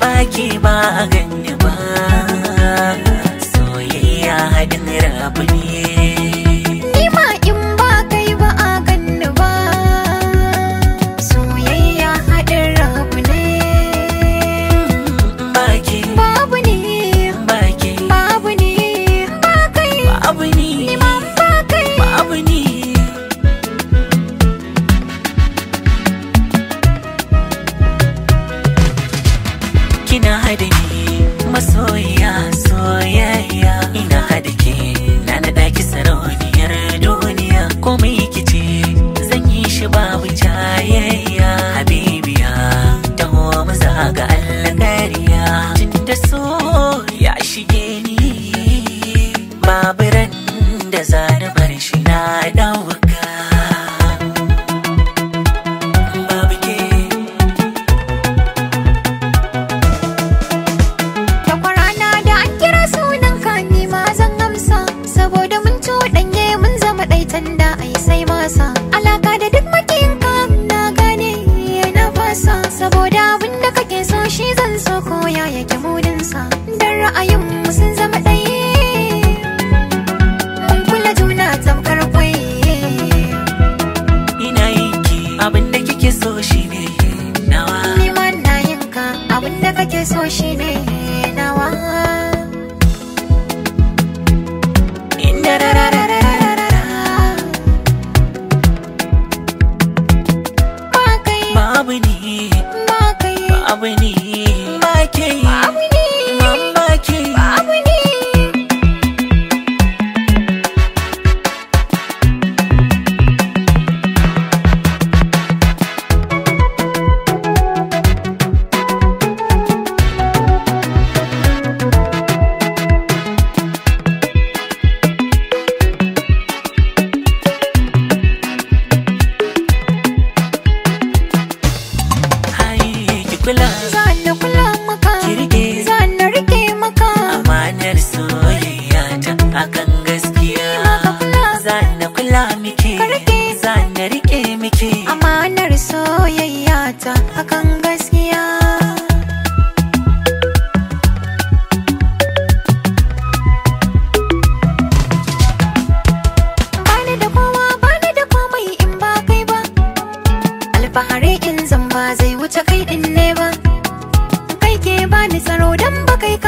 Baki ba a ganye ba, soyayya hadin rabu ne. soyayya habibiya taho mu ga Allah kariya da so ya shige ni babu ran da bar shi na dawo kake so shi ne nawa ni na yin ka abin da kake so shi ne nawa inda ba babu ni abu ni ba kai tabbata akan gaskiya bani da kowa bani da komai in ba kai ba alfahari in zan ba zai wuce kai din ne ba kai ke bani tsaro dan ba kai ka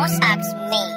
WhatsApp me.